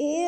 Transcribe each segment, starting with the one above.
Yeah.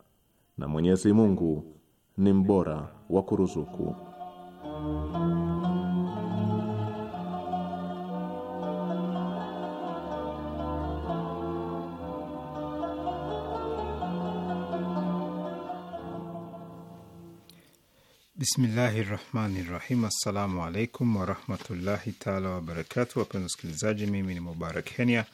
na Mwenyezi Mungu ni mbora wa kuruzuku. Bismillahi rahmani rahim. Assalamu alaikum warahmatullahi taala wabarakatu. Wapenzi wasikilizaji, mimi ni Mubarak Kenya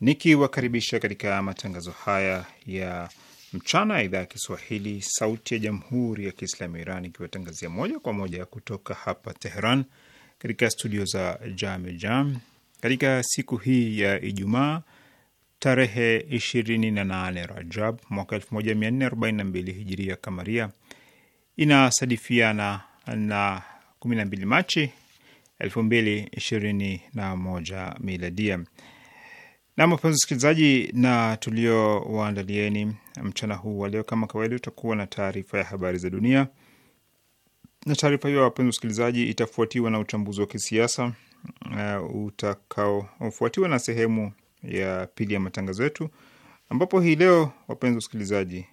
nikiwakaribisha katika matangazo haya ya mchana ya idhaa ya Kiswahili, Sauti ya Jamhuri ya Kiislamu ya Iran ikiwatangazia moja kwa moja kutoka hapa Teheran katika studio za Jame Jam katika siku hii ya Ijumaa tarehe 28 Rajab mwaka 1442 hijiria kamaria inasadifiana na 12 Machi 2021 miladia. Na mapenzi wasikilizaji, na tuliowaandalieni mchana huu wa leo, kama kawaida, utakuwa na taarifa ya habari za dunia, na taarifa hiyo, wapenzi usikilizaji itafuatiwa na uchambuzi wa kisiasa uh, utakaofuatiwa na sehemu ya pili ya matangazo yetu, ambapo hii leo, wapenzi usikilizaji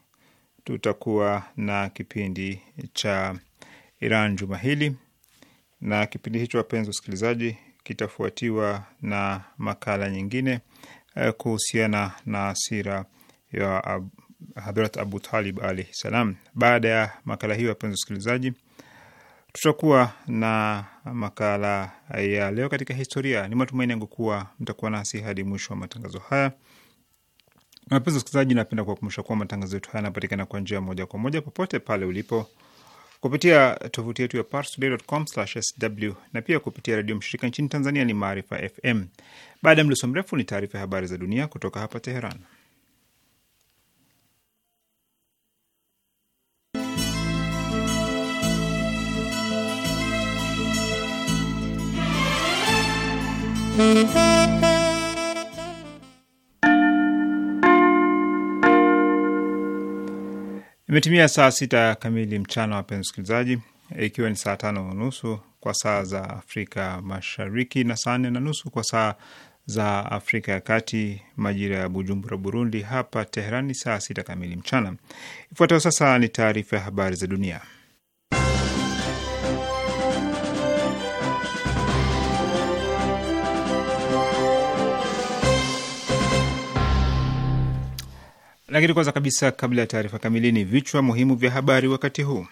tutakuwa na kipindi cha Iran juma hili, na kipindi hicho, wapenzi usikilizaji kitafuatiwa na makala nyingine eh, kuhusiana na sira ya Ab, Hadrat Abu Talib alaihi salam. Baada ya makala hiyo, wapenzi wasikilizaji, tutakuwa na makala ya leo katika historia. Ni matumaini yangu kuwa mtakuwa nasi hadi mwisho wa matangazo haya. Wapenzi wasikilizaji, napenda kuwakumbusha kuwa matangazo yetu haya yanapatikana kwa njia moja kwa moja popote pale ulipo kupitia tovuti yetu ya parstoday.com/sw na pia kupitia redio mshirika nchini Tanzania ni Maarifa FM. Baada ya mluso mrefu ni taarifa ya habari za dunia kutoka hapa Teheran. Imetimia saa sita kamili mchana, wapenzi msikilizaji, ikiwa ni saa tano nusu kwa saa za Afrika Mashariki na saa nne na nusu kwa saa za Afrika ya Kati, majira ya Bujumbura, Burundi. Hapa Teherani saa sita kamili mchana. Ifuatayo sasa ni taarifa ya habari za dunia. Lakini kwanza kabisa, kabla ya taarifa kamili, ni vichwa muhimu vya habari wakati huu.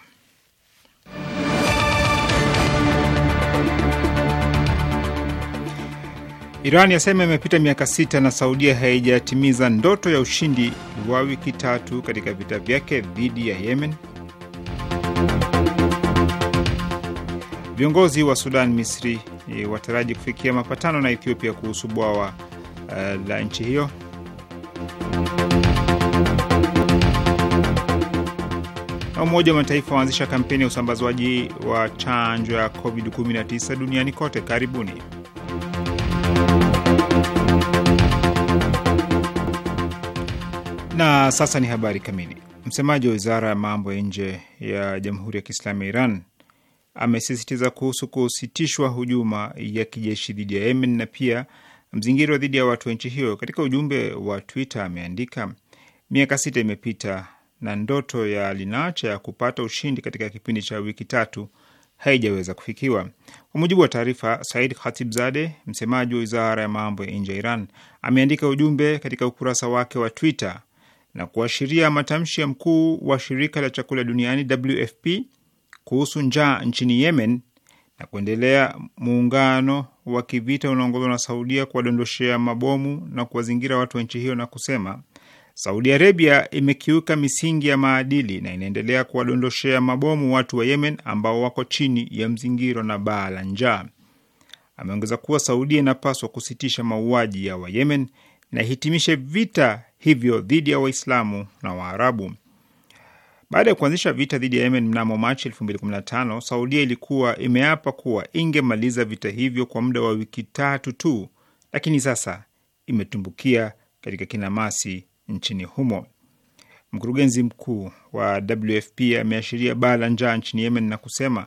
Iran yasema imepita miaka sita na Saudia haijatimiza ndoto ya ushindi wa wiki tatu katika vita vyake dhidi ya Yemen. Viongozi wa Sudan, Misri e, wataraji kufikia mapatano na Ethiopia kuhusu bwawa uh, la nchi hiyo. na Umoja wa Mataifa waanzisha kampeni ya usambazwaji wa chanjo ya COVID-19 duniani kote. Karibuni. Na sasa ni habari kamili. Msemaji wa wizara ya mambo ya nje ya Jamhuri ya Kiislamu ya Iran amesisitiza kuhusu kusitishwa hujuma ya kijeshi dhidi ya Yemen na pia mzingiro dhidi ya watu wa nchi hiyo. Katika ujumbe wa Twitter ameandika, miaka sita imepita na ndoto ya Linacha ya kupata ushindi katika kipindi cha wiki tatu haijaweza kufikiwa. Kwa mujibu wa taarifa, Said Khatibzade, msemaji wa wizara ya mambo ya nje ya Iran, ameandika ujumbe katika ukurasa wake wa Twitter na kuashiria matamshi ya mkuu wa shirika la chakula duniani WFP kuhusu njaa nchini Yemen na kuendelea muungano wa kivita unaongozwa na Saudia kuwadondoshea mabomu na kuwazingira watu wa nchi hiyo na kusema Saudi Arabia imekiuka misingi ya maadili na inaendelea kuwadondoshea mabomu watu wa Yemen ambao wako chini ya mzingiro na baa la njaa. Ameongeza kuwa Saudia inapaswa kusitisha mauaji ya Wayemen na ihitimishe vita hivyo dhidi ya Waislamu na Waarabu. Baada ya kuanzisha vita dhidi ya Yemen mnamo Machi 2015, Saudia ilikuwa imeapa kuwa ingemaliza vita hivyo kwa muda wa wiki tatu tu, lakini sasa imetumbukia katika kinamasi nchini humo. Mkurugenzi mkuu wa WFP ameashiria baa la njaa nchini Yemen na kusema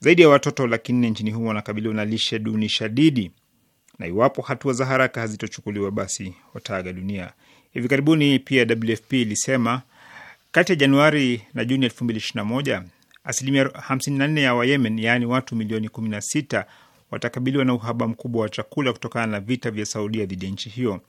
zaidi ya watoto laki nne nchini humo wanakabiliwa na lishe duni shadidi, na iwapo hatua za haraka hazitochukuliwa basi wataaga dunia. Hivi karibuni pia WFP ilisema kati ya Januari na Juni 2021 asilimia 54 ya Wayemen, yaani watu milioni 16 watakabiliwa na uhaba mkubwa wa chakula kutokana na vita vya Saudia dhidi ya nchi hiyo.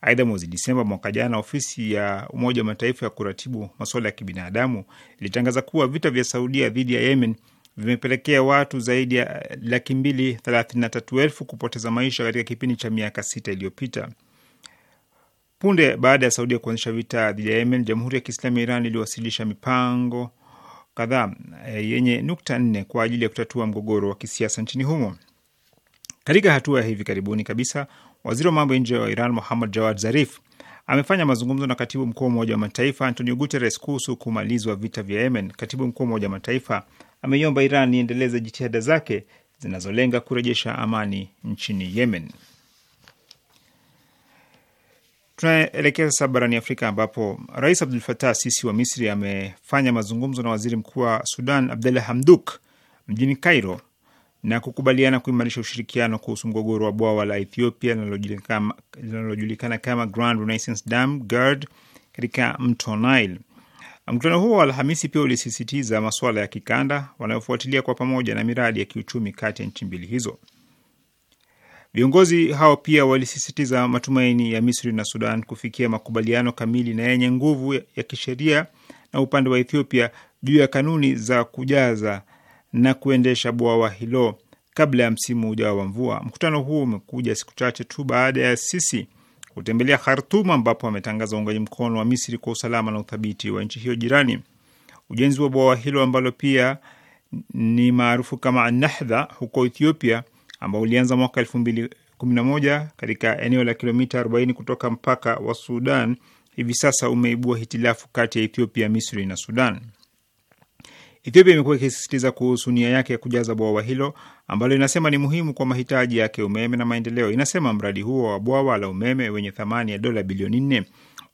Aidha, mwezi Disemba mwaka jana, ofisi ya Umoja wa Mataifa ya kuratibu masuala ya kibinadamu ilitangaza kuwa vita vya Saudia dhidi ya Yemen vimepelekea watu zaidi ya laki mbili thelathini na tatu elfu kupoteza maisha katika kipindi cha miaka sita iliyopita. Punde baada ya Saudia kuanzisha vita dhidi ya Yemen, Jamhuri ya Kiislamu ya Iran iliwasilisha mipango kadhaa eh, yenye nukta nne kwa ajili ya kutatua mgogoro wa kisiasa nchini humo. Katika hatua ya hivi karibuni kabisa, Waziri wa mambo ya nje wa Iran Muhammad Jawad Zarif amefanya mazungumzo na katibu mkuu wa Umoja wa Mataifa Antonio Guterres kuhusu kumalizwa vita vya Yemen. Katibu mkuu wa Umoja wa Mataifa ameiomba Iran iendeleze jitihada zake zinazolenga kurejesha amani nchini Yemen. Tunaelekea sasa barani Afrika ambapo Rais Abdul Fatah Sisi wa Misri amefanya mazungumzo na waziri mkuu wa Sudan Abdalla Hamduk mjini Cairo na kukubaliana kuimarisha ushirikiano kuhusu mgogoro wa bwawa la Ethiopia linalojulikana kama Grand Renaissance Dam GERD katika mto Nile. Mkutano huo wa Alhamisi pia ulisisitiza masuala ya kikanda wanayofuatilia kwa pamoja na miradi ya kiuchumi kati ya nchi mbili hizo. Viongozi hao pia walisisitiza matumaini ya Misri na Sudan kufikia makubaliano kamili na yenye nguvu ya kisheria na upande wa Ethiopia juu ya kanuni za kujaza na kuendesha bwawa hilo kabla ya msimu ujao wa mvua. Mkutano huu umekuja siku chache tu baada ya Sisi kutembelea Khartum ambapo ametangaza uungaji mkono wa Misri kwa usalama na uthabiti wa nchi hiyo jirani. Ujenzi wa bwawa hilo ambalo pia ni maarufu kama Nahdha huko Ethiopia, ambao ulianza mwaka elfu mbili kumi na moja katika eneo la kilomita 40 kutoka mpaka wa Sudan, hivi sasa umeibua hitilafu kati ya Ethiopia, Misri na Sudan. Ethiopia imekuwa ikisisitiza kuhusu nia yake ya kujaza bwawa hilo ambalo inasema ni muhimu kwa mahitaji yake ya umeme na maendeleo. Inasema mradi huo wa bwawa la umeme wenye thamani ya dola bilioni nne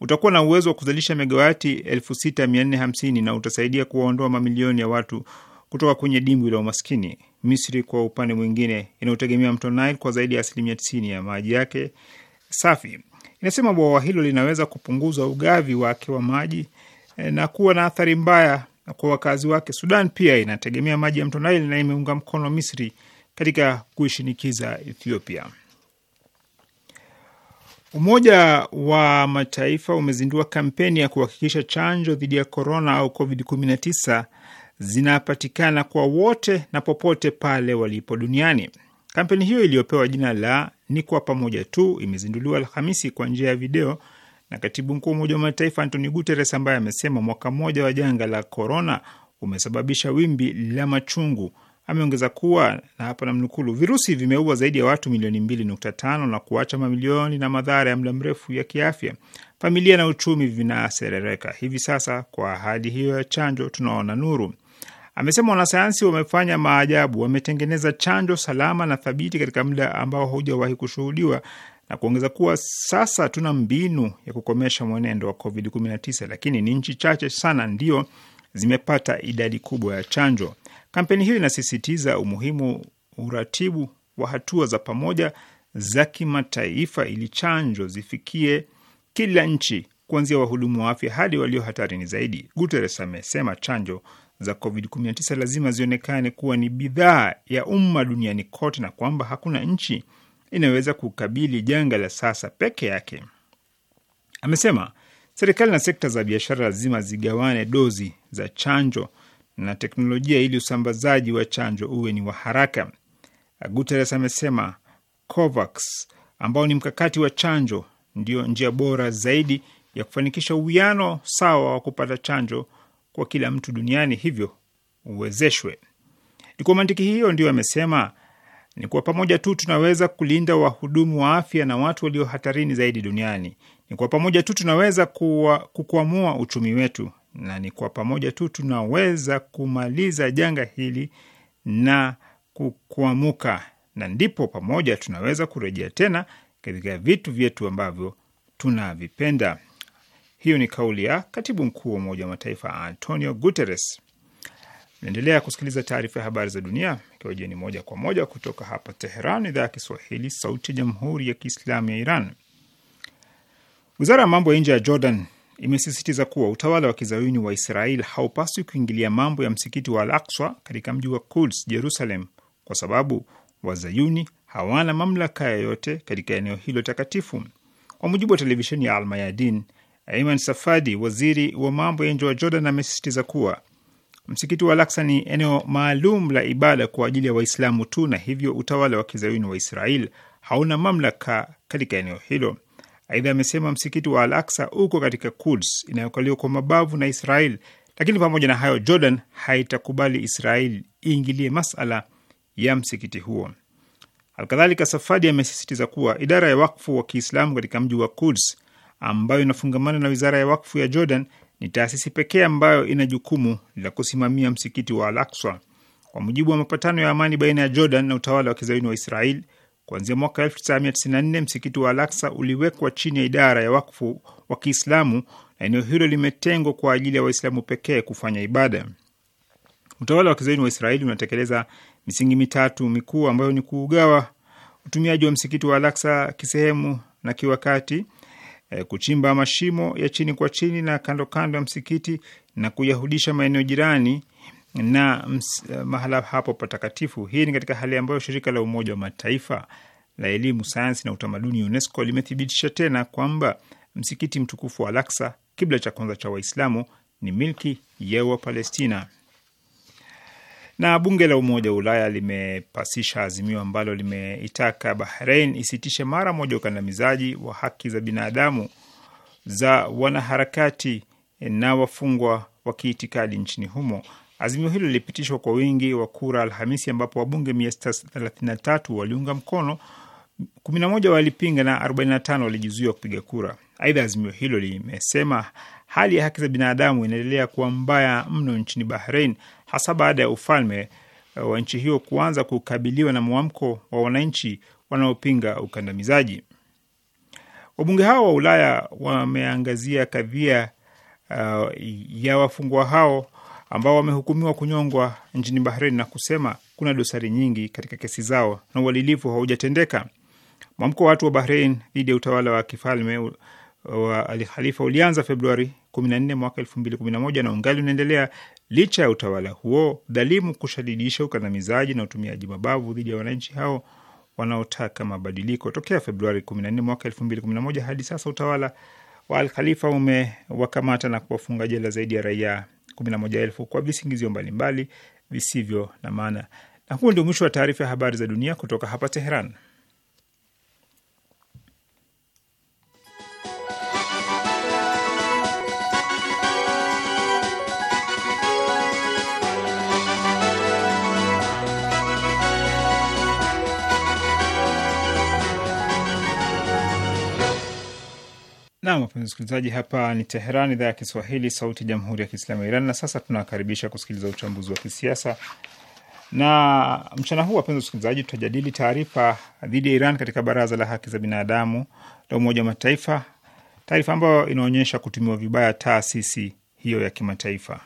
utakuwa na uwezo wa kuzalisha megawati 6450 na utasaidia kuwaondoa mamilioni ya watu kutoka kwenye dimbwi la umaskini. Misri kwa upande mwingine inayotegemea mto Nile kwa zaidi ya asilimia 90 ya maji yake safi, inasema bwawa hilo linaweza kupunguza ugavi wake wa maji eh, na kuwa na athari mbaya kwa wakazi wake. Sudan pia inategemea maji ya mto Nile na imeunga mkono Misri katika kuishinikiza Ethiopia. Umoja wa Mataifa umezindua kampeni ya kuhakikisha chanjo dhidi ya korona au covid-19 zinapatikana kwa wote na popote pale walipo duniani. Kampeni hiyo iliyopewa jina la ni kwa pamoja tu imezinduliwa Alhamisi kwa njia ya video na katibu mkuu wa Umoja wa Mataifa Antoni Guteres, ambaye amesema mwaka mmoja wa janga la korona umesababisha wimbi la machungu. Ameongeza kuwa na hapa namnukulu, virusi vimeua zaidi ya watu milioni mbili nukta tano na kuacha mamilioni na madhara ya muda mrefu ya kiafya, familia na uchumi vinaserereka. Hivi sasa kwa ahadi hiyo ya chanjo tunaona nuru, amesema. Wanasayansi wamefanya maajabu, wametengeneza chanjo salama na thabiti katika muda ambao haujawahi kushuhudiwa na kuongeza kuwa sasa tuna mbinu ya kukomesha mwenendo wa COVID-19, lakini ni nchi chache sana ndio zimepata idadi kubwa ya chanjo. Kampeni hiyo inasisitiza umuhimu uratibu wa hatua za pamoja za kimataifa ili chanjo zifikie kila nchi kuanzia wahudumu wa afya hadi walio hatarini zaidi. Guterres amesema chanjo za COVID-19 lazima zionekane kuwa ni bidhaa ya umma duniani kote na kwamba hakuna nchi inaweza kukabili janga la sasa peke yake. Amesema serikali na sekta za biashara lazima zigawane dozi za chanjo na teknolojia ili usambazaji wa chanjo uwe ni wa haraka. Guterres amesema COVAX ambao ni mkakati wa chanjo ndio njia bora zaidi ya kufanikisha uwiano sawa wa kupata chanjo kwa kila mtu duniani, hivyo uwezeshwe. Ni kwa mantiki hiyo ndio amesema ni kwa pamoja tu tunaweza kulinda wahudumu wa afya na watu walio hatarini zaidi duniani. Ni kwa pamoja tu tunaweza kuwa, kukwamua uchumi wetu, na ni kwa pamoja tu tunaweza kumaliza janga hili na kukwamuka, na ndipo pamoja tunaweza kurejea tena katika vitu vyetu ambavyo tunavipenda. Hiyo ni kauli ya katibu mkuu wa Umoja wa Mataifa Antonio Guterres. Naendelea kusikiliza taarifa ya habari za dunia tukiwajieni moja kwa moja kutoka hapa Teheran, idhaa ya Kiswahili, sauti ya jamhuri ya kiislamu ya Iran. Wizara ya mambo ya nje ya Jordan imesisitiza kuwa utawala wa kizayuni wa Israel haupaswi kuingilia mambo ya msikiti wa Al Akswa katika mji wa Kuds, Jerusalem, kwa sababu wazayuni hawana mamlaka yoyote katika eneo hilo takatifu. Kwa mujibu wa televisheni ya Almayadin, Ayman Safadi, waziri wa mambo ya nje wa Jordan, amesisitiza kuwa Msikiti wa Al-Aqsa ni eneo maalum la ibada kwa ajili ya Waislamu tu na hivyo utawala wa kizayuni wa Israel hauna mamlaka katika eneo hilo. Aidha, amesema msikiti wa Al-Aqsa uko katika Quds inayokaliwa kwa mabavu na Israel, lakini pamoja na hayo, Jordan haitakubali Israel iingilie masala ya msikiti huo. Alkadhalika, Safadi amesisitiza kuwa idara ya wakfu wa Kiislamu katika mji wa Quds ambayo inafungamana na wizara ya wakfu ya Jordan ni taasisi pekee ambayo ina jukumu la kusimamia msikiti wa Al-Aqsa. Kwa mujibu wa mapatano ya amani baina ya Jordan na utawala wa kizayuni wa Israel kuanzia mwaka 1994 msikiti wa Al-Aqsa uliwekwa chini ya idara ya wakfu wa Kiislamu na eneo hilo limetengwa kwa ajili ya Waislamu pekee kufanya ibada. Utawala wa kizayuni wa Israeli unatekeleza misingi mitatu mikuu ambayo ni kuugawa utumiaji wa msikiti wa Al-Aqsa kisehemu na kiwakati, Eh, kuchimba mashimo ya chini kwa chini na kando kando ya msikiti na kuyahudisha maeneo jirani na ms, eh, mahala hapo patakatifu. Hii ni katika hali ambayo shirika la Umoja wa Mataifa la elimu, sayansi na utamaduni UNESCO limethibitisha tena kwamba msikiti mtukufu wa Al-Aqsa, kibla cha kwanza cha Waislamu, ni milki ya Wapalestina. Na bunge la Umoja wa Ulaya limepasisha azimio ambalo limeitaka Bahrain isitishe mara moja ukandamizaji wa haki za binadamu za wanaharakati na wafungwa wa kiitikadi nchini humo. Azimio hilo lilipitishwa kwa wingi wa kura Alhamisi, ambapo wabunge 633 waliunga mkono, 11 walipinga na 45 walijizuia kupiga kura. Aidha, azimio hilo limesema hali ya haki za binadamu inaendelea kuwa mbaya mno nchini Bahrain hasa baada ya ufalme eh, wa nchi hiyo kuanza kukabiliwa na mwamko wa wananchi wanaopinga ukandamizaji. Wabunge hao wa Ulaya wameangazia kadhia uh, ya wafungwa hao ambao wamehukumiwa kunyongwa nchini Bahrain na kusema kuna dosari nyingi katika kesi zao na uadilifu haujatendeka. Mwamko wa watu wa Bahrain dhidi ya utawala wa kifalme eh, wa Al Khalifa ulianza Februari 14 mwaka 2011 na ungali unaendelea licha ya utawala huo dhalimu kushadidisha ukandamizaji na utumiaji mabavu dhidi ya wananchi hao wanaotaka mabadiliko. Tokea Februari 14 mwaka 2011 hadi sasa utawala wa Alkhalifa umewakamata na kuwafunga jela zaidi ya raia 11,000 kwa visingizio mbalimbali visivyo na maana. Na huo ndio mwisho wa taarifa ya habari za dunia kutoka hapa Teheran. Nam, wapenzi wasikilizaji, hapa ni Teheran, idhaa ya Kiswahili, sauti ya jamhuri ya kiislamu ya Iran. Na sasa tunakaribisha kusikiliza uchambuzi wa kisiasa, na mchana huu, wapenzi wasikilizaji, tutajadili taarifa dhidi ya Iran katika Baraza la Haki za Binadamu la Umoja wa Mataifa, taarifa ambayo inaonyesha kutumiwa vibaya taasisi hiyo ya kimataifa.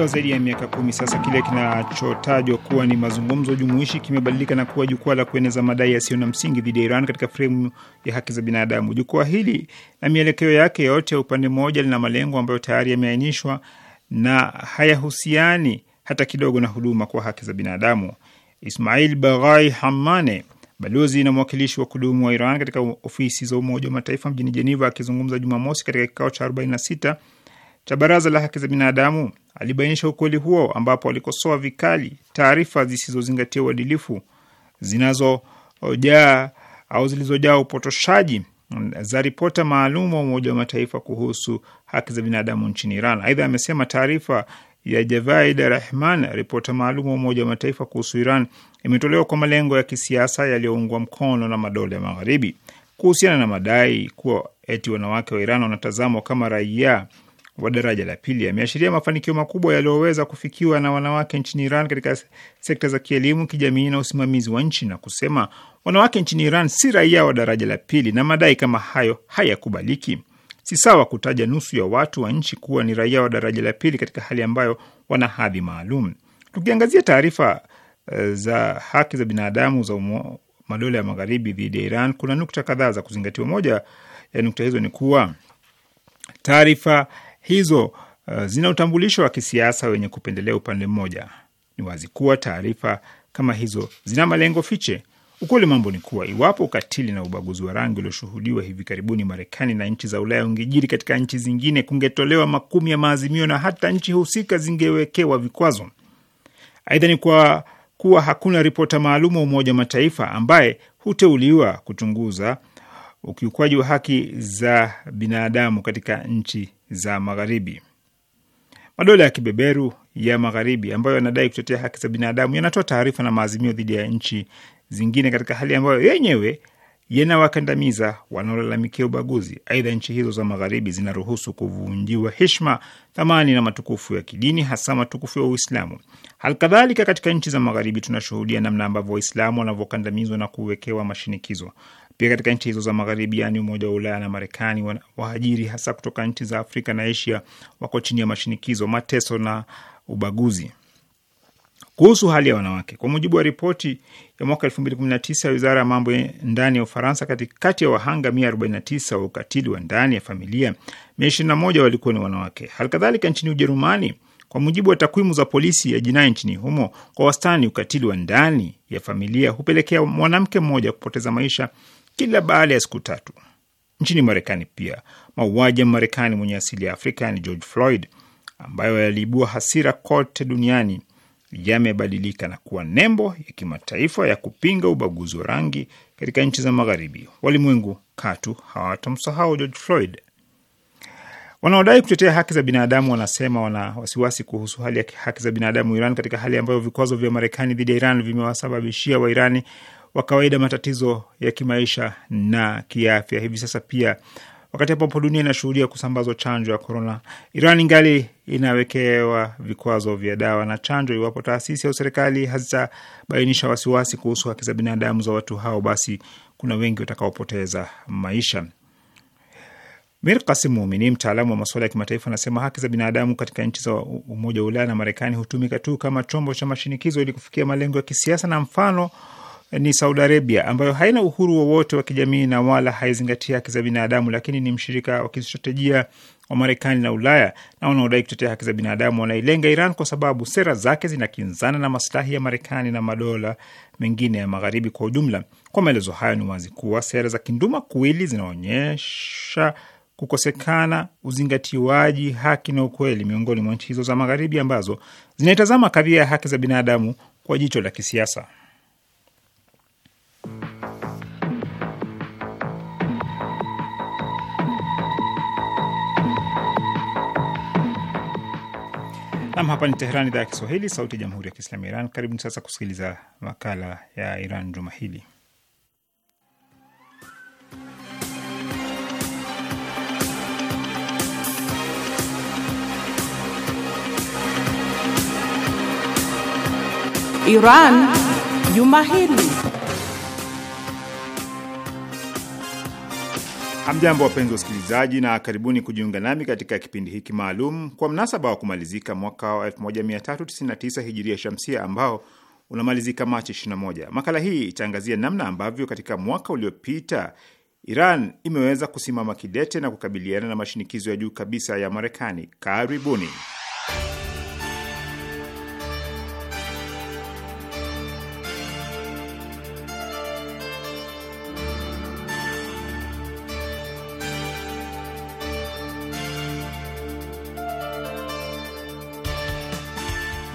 muda wa zaidi ya miaka kumi sasa, kile kinachotajwa kuwa ni mazungumzo jumuishi kimebadilika na kuwa jukwaa la kueneza madai yasiyo na msingi dhidi ya Iran katika fremu ya haki za binadamu. Jukwaa hili na mielekeo yake yote ya upande mmoja lina malengo ambayo tayari yameainishwa na hayahusiani hata kidogo na huduma kwa haki za binadamu. Ismail Baghai Hamane, balozi na mwakilishi wa kudumu wa Iran katika ofisi za Umoja wa Mataifa mjini Jeneva, akizungumza Jumamosi katika kikao cha 46 cha Baraza la Haki za Binadamu alibainisha ukweli huo, ambapo alikosoa vikali taarifa zisizozingatia uadilifu zinazojaa au zilizojaa upotoshaji za ripota maalum wa Umoja wa Mataifa kuhusu haki za binadamu nchini Iran. Aidha, amesema taarifa ya Javaid Rahman, ripota maalum wa Umoja wa Mataifa kuhusu Iran, imetolewa kwa malengo ya kisiasa yaliyoungwa mkono na madola ya Magharibi. Kuhusiana na madai kuwa eti wanawake wa Iran wanatazamwa kama raia wa daraja la pili ameashiria mafanikio makubwa yaliyoweza kufikiwa na wanawake nchini Iran katika sekta za kielimu, kijamii na usimamizi wa nchi na kusema wanawake nchini Iran si raia wa daraja la pili na madai kama hayo hayakubaliki. Si sawa kutaja nusu ya watu wa nchi kuwa ni raia wa daraja la pili katika hali ambayo wana hadhi maalum. Tukiangazia taarifa eh, za haki za binadamu za umo, madola ya magharibi dhidi ya Iran, kuna nukta kadhaa za kuzingatiwa. Moja ya nukta hizo ni kuwa taarifa hizo uh, zina utambulisho wa kisiasa wenye kupendelea upande mmoja. Ni wazi kuwa taarifa kama hizo zina malengo fiche. Ukweli mambo ni kuwa iwapo ukatili na ubaguzi wa rangi ulioshuhudiwa hivi karibuni Marekani na nchi za Ulaya ungejiri katika nchi zingine, kungetolewa makumi ya maazimio na hata nchi husika zingewekewa vikwazo. Aidha, ni kwa kuwa hakuna ripota maalum wa Umoja wa Mataifa ambaye huteuliwa kuchunguza ukiukwaji wa haki za binadamu katika nchi za magharibi. Madola ya kibeberu ya magharibi ambayo yanadai kutetea haki za binadamu yanatoa taarifa na maazimio dhidi ya nchi zingine katika hali ambayo yenyewe yanawakandamiza wanaolalamikia ubaguzi. Aidha, nchi hizo za magharibi zinaruhusu kuvunjiwa heshima, thamani na matukufu ya kidini, hasa matukufu ya Uislamu. Halikadhalika, katika nchi za magharibi tunashuhudia namna ambavyo Waislamu wanavyokandamizwa na kuwekewa mashinikizo. Pia katika nchi hizo za magharibi, yaani Umoja wa Ulaya na Marekani, wahajiri hasa kutoka nchi za Afrika na Asia wako chini ya mashinikizo, mateso na ubaguzi. Kuhusu hali ya wanawake, kwa mujibu wa ripoti ya mwaka 2019 ya wizara ya mambo ya ndani ya Ufaransa, katikati ya wahanga 149 wa ukatili wa ndani ya familia 121 walikuwa ni wanawake. Halikadhalika nchini Ujerumani, kwa mujibu wa takwimu za polisi ya jinai nchini humo, kwa wastani ukatili wa ndani ya familia hupelekea mwanamke mmoja kupoteza maisha kila baada ya siku tatu. Nchini Marekani pia mauaji ya Marekani mwenye asili ya Afrika yani George Floyd ambayo yaliibua hasira kote duniani yamebadilika na kuwa nembo ya kimataifa ya kupinga ubaguzi wa rangi katika nchi za Magharibi. Walimwengu katu hawatamsahau George Floyd. Wanaodai kutetea haki za binadamu wanasema wana wasiwasi kuhusu hali ya haki za binadamu Iran, katika hali ambayo vikwazo vya Marekani dhidi ya Iran vimewasababishia Wairani wa kawaida matatizo ya kimaisha na kiafya. Hivi sasa pia, wakati ambapo dunia inashuhudia kusambazwa chanjo ya korona, Iran ingali inawekewa vikwazo vya dawa na chanjo. Iwapo taasisi au serikali hazitabainisha wasiwasi kuhusu haki za binadamu za watu hao, basi kuna wengi watakaopoteza maisha. Mir Kasim Muumini, mtaalamu wa masuala ya kimataifa, anasema haki za binadamu katika nchi za Umoja wa Ulaya na Marekani hutumika tu kama chombo cha mashinikizo ili kufikia malengo ya kisiasa na mfano ni Saudi Arabia ambayo haina uhuru wowote wa, wa kijamii na wala haizingatia haki za binadamu, lakini ni mshirika wa kistratejia wa Marekani na Ulaya, na wanaodai kutetea haki za binadamu wanailenga Iran kwa sababu sera zake zinakinzana na maslahi ya Marekani na madola mengine ya Magharibi kwa ujumla. Kwa maelezo hayo, ni wazi kuwa sera za kinduma kuwili zinaonyesha kukosekana uzingatiwaji haki na ukweli miongoni mwa nchi hizo za Magharibi ambazo zinaitazama kadhia ya haki za binadamu kwa jicho la kisiasa. Nam, hapa ni Teheran, idhaa ya Kiswahili, sauti ya jamhuri ya kiislamu ya Iran. Karibuni sasa kusikiliza makala ya Iran juma hili. Iran juma hili. Hamjambo, wapenzi wasikilizaji, na karibuni kujiunga nami katika kipindi hiki maalum kwa mnasaba wa kumalizika mwaka wa 1399 hijiria shamsia ambao unamalizika Machi 21. Makala hii itaangazia namna ambavyo katika mwaka uliopita Iran imeweza kusimama kidete na kukabiliana na mashinikizo ya juu kabisa ya Marekani. Karibuni.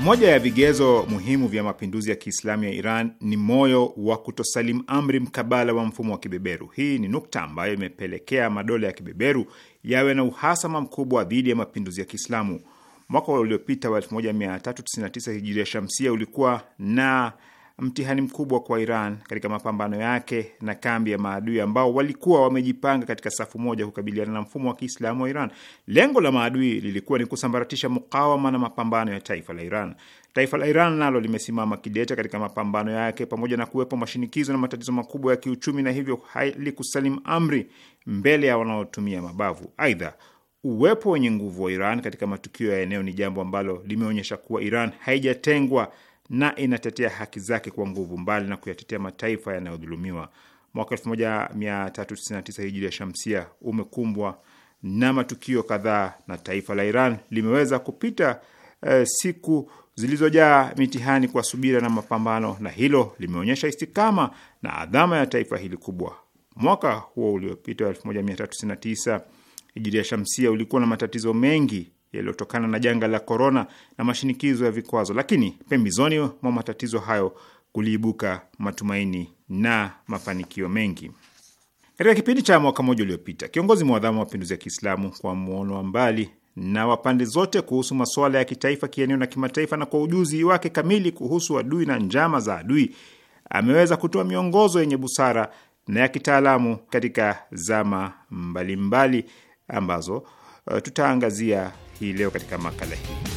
Moja ya vigezo muhimu vya mapinduzi ya Kiislamu ya Iran ni moyo wa kutosalimu amri mkabala wa mfumo wa kibeberu. Hii ni nukta ambayo imepelekea madola ya kibeberu yawe na uhasama mkubwa dhidi ya mapinduzi ya Kiislamu. Mwaka uliopita wa 1399 hijiria shamsia ulikuwa na mtihani mkubwa kwa Iran katika mapambano yake na kambi ya maadui ambao walikuwa wamejipanga katika safu moja kukabiliana na mfumo wa Kiislamu wa Iran. Lengo la maadui lilikuwa ni kusambaratisha mukawama na mapambano ya taifa la Iran. Taifa la Iran nalo limesimama kidete katika mapambano yake pamoja na kuwepo mashinikizo na matatizo makubwa ya kiuchumi, na hivyo kusalim amri mbele ya wanaotumia mabavu. Aidha, uwepo wenye nguvu wa Iran katika matukio ya eneo ni jambo ambalo limeonyesha kuwa Iran haijatengwa na inatetea haki zake kwa nguvu, mbali na kuyatetea mataifa yanayodhulumiwa. Mwaka 1399 hijiri ya shamsia umekumbwa na matukio kadhaa, na taifa la Iran limeweza kupita eh, siku zilizojaa mitihani kwa subira na mapambano, na hilo limeonyesha istikama na adhama ya taifa hili kubwa. Mwaka huo uliopita 1399 hijiri ya shamsia ulikuwa na matatizo mengi yaliyotokana na janga la korona na mashinikizo ya vikwazo, lakini pembezoni mwa matatizo hayo kuliibuka matumaini na mafanikio mengi. Katika kipindi cha mwaka mmoja uliopita, kiongozi mwadhamu wa mapinduzi ya Kiislamu kwa muono wa mbali na wapande zote kuhusu masuala ya kitaifa, kieneo na kimataifa, na kwa ujuzi wake kamili kuhusu adui na njama za adui, ameweza kutoa miongozo yenye busara na ya kitaalamu katika zama mbalimbali mbali ambazo eh, tutaangazia hii leo katika makala hii.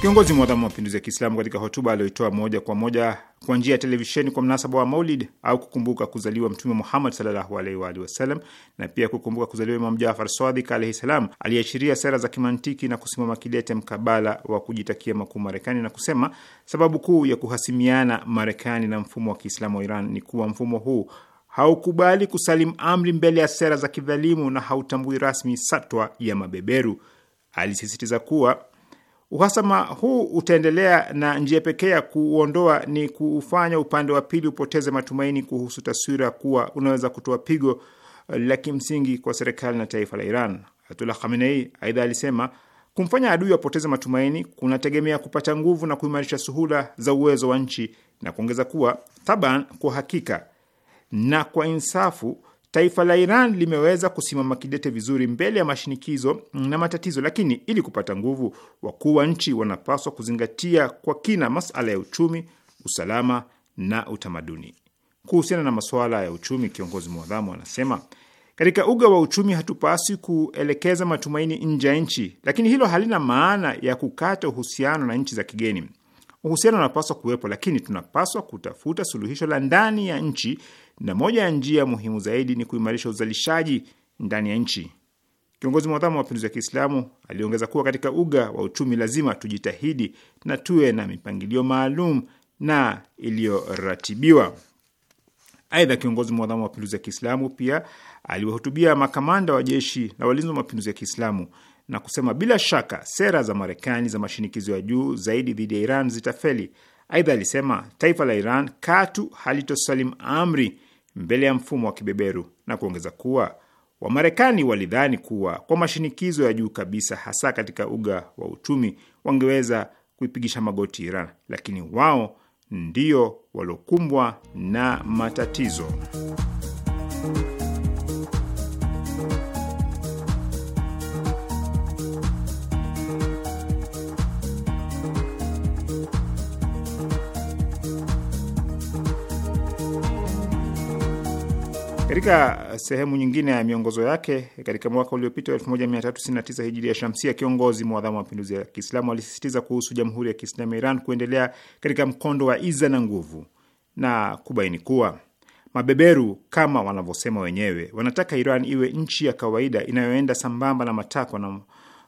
Kiongozi mwadhamu wa mapinduzi ya Kiislamu katika hotuba aliyoitoa moja kwa moja kwa njia ya televisheni kwa mnasaba wa Maulid au kukumbuka kuzaliwa Mtume Muhammad sallallahu alaihi wa alihi wasallam na pia kukumbuka kuzaliwa Imam Jafar Sadik alaihi salam, aliashiria sera za kimantiki na kusimama kidete mkabala wa kujitakia makuu Marekani na kusema sababu kuu ya kuhasimiana Marekani na mfumo wa Kiislamu wa Iran ni kuwa mfumo huu haukubali kusalimu amri mbele ya sera za kidhalimu na hautambui rasmi satwa ya mabeberu. Alisisitiza kuwa Uhasama huu utaendelea na njia pekee ya kuuondoa ni kuufanya upande wa pili upoteze matumaini kuhusu taswira kuwa unaweza kutoa pigo la kimsingi kwa serikali na taifa la Iran. Ayatullah Khamenei aidha alisema kumfanya adui apoteze matumaini kunategemea kupata nguvu na kuimarisha suhula za uwezo wa nchi, na kuongeza kuwa taban, kwa hakika na kwa insafu, taifa la Iran limeweza kusimama kidete vizuri mbele ya mashinikizo na matatizo, lakini ili kupata nguvu, wakuu wa nchi wanapaswa kuzingatia kwa kina masala ya uchumi, usalama na utamaduni. Kuhusiana na masuala ya uchumi, kiongozi mwadhamu anasema katika uga wa uchumi hatupaswi kuelekeza matumaini nje ya nchi, lakini hilo halina maana ya kukata uhusiano na nchi za kigeni. Uhusiano unapaswa kuwepo, lakini tunapaswa kutafuta suluhisho la ndani ya nchi na moja ya njia muhimu zaidi ni kuimarisha uzalishaji ndani ya nchi. Kiongozi mwadhamu wa mapinduzi ya Kiislamu aliongeza kuwa katika uga wa uchumi lazima tujitahidi na tuwe na mipangilio maalum na iliyoratibiwa. Aidha, kiongozi mwadhamu wa mapinduzi ya Kiislamu pia aliwahutubia makamanda wa jeshi la walinzi wa mapinduzi ya Kiislamu na kusema bila shaka sera za Marekani za mashinikizo ya juu zaidi dhidi ya Iran zitafeli. Aidha, alisema taifa la Iran katu halitosalim amri mbele ya mfumo wa kibeberu na kuongeza kuwa Wamarekani walidhani kuwa kwa mashinikizo ya juu kabisa, hasa katika uga wa uchumi, wangeweza kuipigisha magoti Iran, lakini wao ndio waliokumbwa na matatizo. Katika sehemu nyingine ya miongozo yake katika mwaka uliopita 1399 hijiri ya shamsia, kiongozi mwadhamu wa mapinduzi ya Kiislamu alisisitiza kuhusu jamhuri ya Kiislamu ya Iran kuendelea katika mkondo wa iza na nguvu na kubaini kuwa mabeberu kama wanavyosema wenyewe wanataka Iran iwe nchi ya kawaida inayoenda sambamba na matakwa na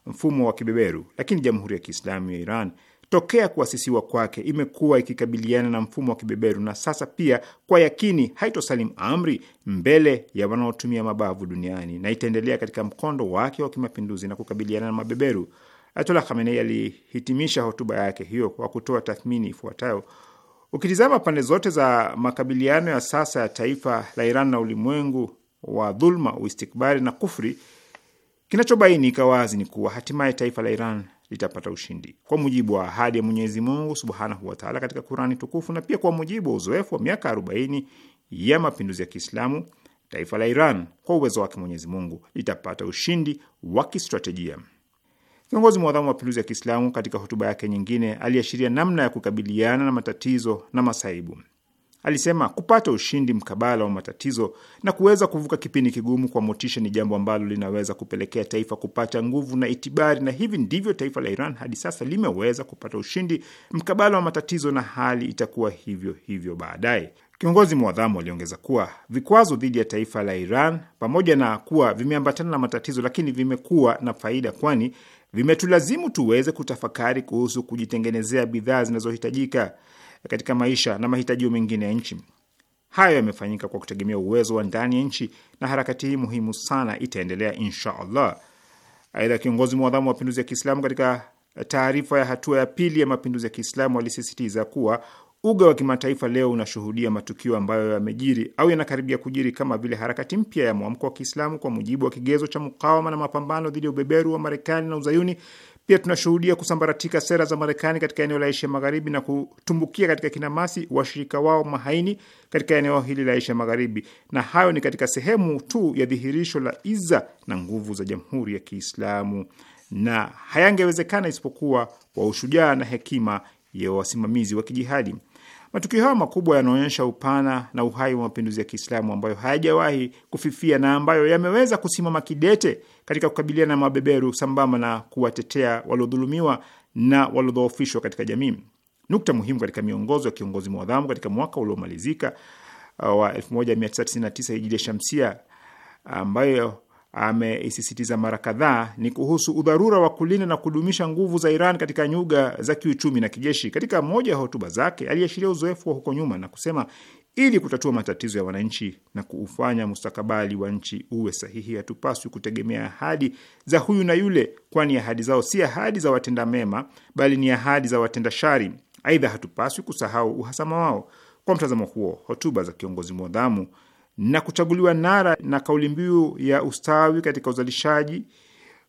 mfumo wa kibeberu, lakini jamhuri ya Kiislamu ya Iran Tokea kuasisiwa kwake imekuwa ikikabiliana na mfumo wa kibeberu na sasa pia kwa yakini haitosalimu amri mbele ya wanaotumia mabavu duniani na itaendelea katika mkondo wake wa kimapinduzi na kukabiliana na mabeberu. Ayatollah Khamenei alihitimisha hotuba yake hiyo kwa kutoa tathmini ifuatayo: ukitizama pande zote za makabiliano ya sasa ya taifa la Iran na ulimwengu wa dhuluma, uistikbari na kufri, kinachobainika wazi ni kuwa hatimaye taifa la Iran litapata ushindi kwa mujibu wa ahadi ya Mwenyezi Mungu subhanahu wataala katika Kurani tukufu na pia kwa mujibu wa uzoefu wa miaka 40 ya mapinduzi ya Kiislamu, taifa la Iran kwa uwezo wake Mwenyezi Mungu litapata ushindi wa kistratejia. Kiongozi mwadhamu wa mapinduzi ya Kiislamu katika hotuba yake nyingine aliashiria namna ya kukabiliana na matatizo na masaibu Alisema kupata ushindi mkabala wa matatizo na kuweza kuvuka kipindi kigumu kwa motisha ni jambo ambalo linaweza kupelekea taifa kupata nguvu na itibari, na hivi ndivyo taifa la Iran hadi sasa limeweza kupata ushindi mkabala wa matatizo, na hali itakuwa hivyo hivyo baadaye. Kiongozi mwadhamu aliongeza kuwa vikwazo dhidi ya taifa la Iran, pamoja na kuwa vimeambatana na matatizo, lakini vimekuwa na faida, kwani vimetulazimu tuweze kutafakari kuhusu kujitengenezea bidhaa zinazohitajika katika maisha na mahitaji mengine ya nchi. Hayo yamefanyika kwa kutegemea uwezo wa ndani ya nchi na harakati hii muhimu sana itaendelea insha Allah. Aidha, kiongozi mwadhamu wa mapinduzi ya Kiislamu katika taarifa ya hatua ya pili ya mapinduzi ya Kiislamu alisisitiza kuwa uga wa kimataifa leo unashuhudia matukio ambayo yamejiri au yanakaribia kujiri kama vile harakati mpya ya mwamko wa Kiislamu kwa mujibu wa kigezo cha mukawama na mapambano dhidi ya ubeberu wa Marekani na Uzayuni pia tunashuhudia kusambaratika sera za Marekani katika eneo la Asia Magharibi na kutumbukia katika kinamasi washirika wao mahaini katika eneo hili la Asia Magharibi, na hayo ni katika sehemu tu ya dhihirisho la iza na nguvu za Jamhuri ya Kiislamu, na hayangewezekana isipokuwa kwa ushujaa na hekima ya wasimamizi wa kijihadi. Matukio hayo makubwa yanaonyesha upana na uhai wa mapinduzi ya Kiislamu ambayo hayajawahi kufifia na ambayo yameweza kusimama kidete katika kukabiliana na mabeberu sambamba na kuwatetea waliodhulumiwa na waliodhoofishwa katika jamii. Nukta muhimu katika miongozo ya kiongozi mwadhamu katika mwaka uliomalizika uh, wa 1999 hijiria shamsia ambayo ameisisitiza mara kadhaa ni kuhusu udharura wa kulinda na kudumisha nguvu za Iran katika nyuga za kiuchumi na kijeshi. Katika moja ya hotuba zake, aliashiria uzoefu wa huko nyuma na kusema, ili kutatua matatizo ya wananchi na kuufanya mustakabali wa nchi uwe sahihi, hatupaswi kutegemea ahadi za huyu na yule, kwani ahadi zao si ahadi za watenda mema, bali ni ahadi za watenda shari. Aidha, hatupaswi kusahau uhasama wao. Kwa mtazamo huo, hotuba za kiongozi mwadhamu na kuchaguliwa nara na kauli mbiu ya ustawi katika uzalishaji,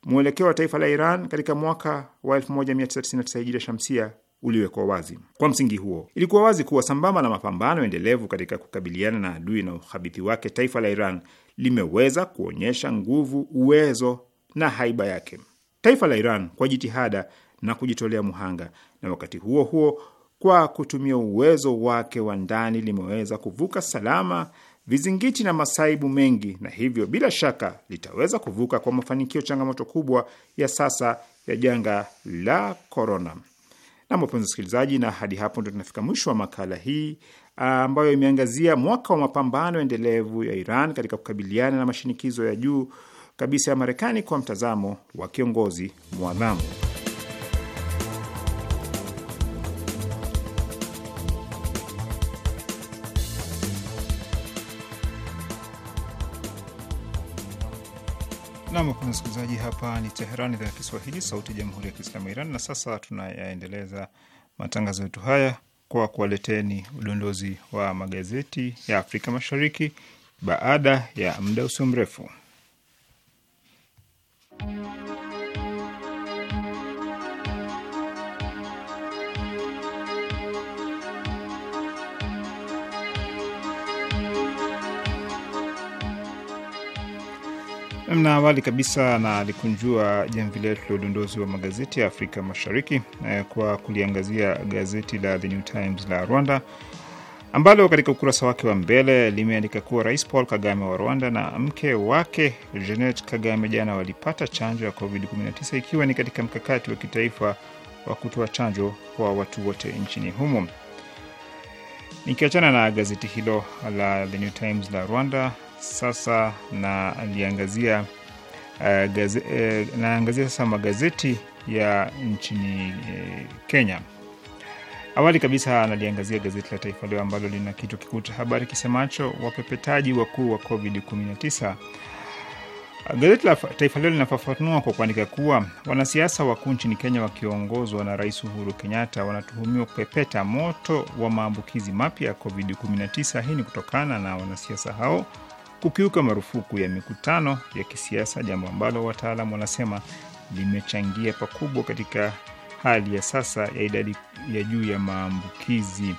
mwelekeo wa taifa la Iran katika mwaka wa 1999 hijria shamsia uliwekwa wazi. Kwa msingi huo, ilikuwa wazi kuwa sambamba na mapambano endelevu katika kukabiliana na adui na uhabithi wake, taifa la Iran limeweza kuonyesha nguvu, uwezo na haiba yake. Taifa la Iran kwa jitihada na kujitolea muhanga, na wakati huo huo kwa kutumia uwezo wake wa ndani limeweza kuvuka salama vizingiti na masaibu mengi, na hivyo bila shaka litaweza kuvuka kwa mafanikio changamoto kubwa ya sasa ya janga la korona. Na wapenzi wasikilizaji, na hadi hapo ndo tunafika mwisho wa makala hii ambayo imeangazia mwaka wa mapambano endelevu ya Iran katika kukabiliana na mashinikizo ya juu kabisa ya Marekani kwa mtazamo wa kiongozi mwadhamu. Namwapenda msikilizaji, hapa ni teheran idhaa ya Kiswahili, sauti ya jamhuri ya kiislamu ya Iran. Na sasa tunayaendeleza matangazo yetu haya kwa kuwaleteni udondozi wa magazeti ya Afrika Mashariki baada ya muda usio mrefu. Namna awali kabisa na likunjua jamvi letu la udondozi wa magazeti ya Afrika Mashariki eh, kwa kuliangazia gazeti la The New Times la Rwanda ambalo katika ukurasa wake wa mbele limeandika kuwa Rais Paul Kagame wa Rwanda na mke wake Jeanette Kagame jana walipata chanjo ya COVID-19 ikiwa ni katika mkakati wa kitaifa wa kutoa chanjo kwa watu wote nchini humo. Nikiachana na gazeti hilo la The New Times la Rwanda, sasa naliangazia uh, eh, gaze, uh, naangazia sasa magazeti ya nchini uh, Kenya. Awali kabisa analiangazia gazeti la Taifa Leo ambalo lina kichwa kikuu cha habari kisemacho wapepetaji wakuu wa COVID-19 Gazeti la Taifa Leo linafafanua kwa kuandika kuwa wanasiasa wakuu nchini Kenya wakiongozwa na Rais Uhuru Kenyatta wanatuhumiwa kupepeta moto wa maambukizi mapya ya COVID-19. Hii ni kutokana na wanasiasa hao kukiuka marufuku ya mikutano ya kisiasa, jambo ambalo wataalamu wanasema limechangia pakubwa katika hali ya sasa ya idadi ya juu ya maambukizi.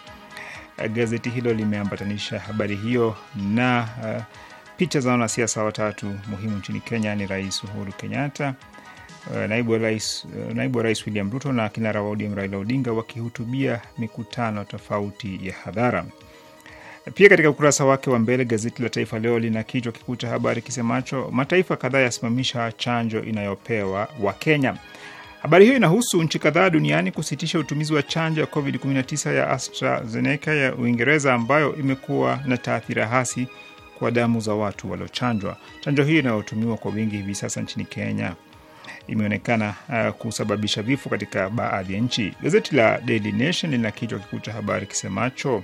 Gazeti hilo limeambatanisha habari hiyo na uh, Picha za wanasiasa watatu muhimu nchini Kenya ni Rais Uhuru Kenyatta, eh, naibu rais, eh, naibu wa rais William Ruto na kinara wa ODM Raila Odinga wakihutubia mikutano tofauti ya hadhara. Pia katika ukurasa wake wa mbele gazeti la Taifa Leo lina kichwa kikuu cha habari kisemacho mataifa kadhaa yasimamisha chanjo inayopewa wa kenya Habari hiyo inahusu nchi kadhaa duniani kusitisha utumizi wa chanjo ya COVID-19 ya AstraZeneca ya Uingereza ambayo imekuwa na taathira hasi kwa damu za watu waliochanjwa. Chanjo hii inayotumiwa kwa wingi hivi sasa nchini Kenya imeonekana uh, kusababisha vifo katika baadhi ya nchi. Gazeti la Daily Nation lina kichwa kikuu cha habari kisemacho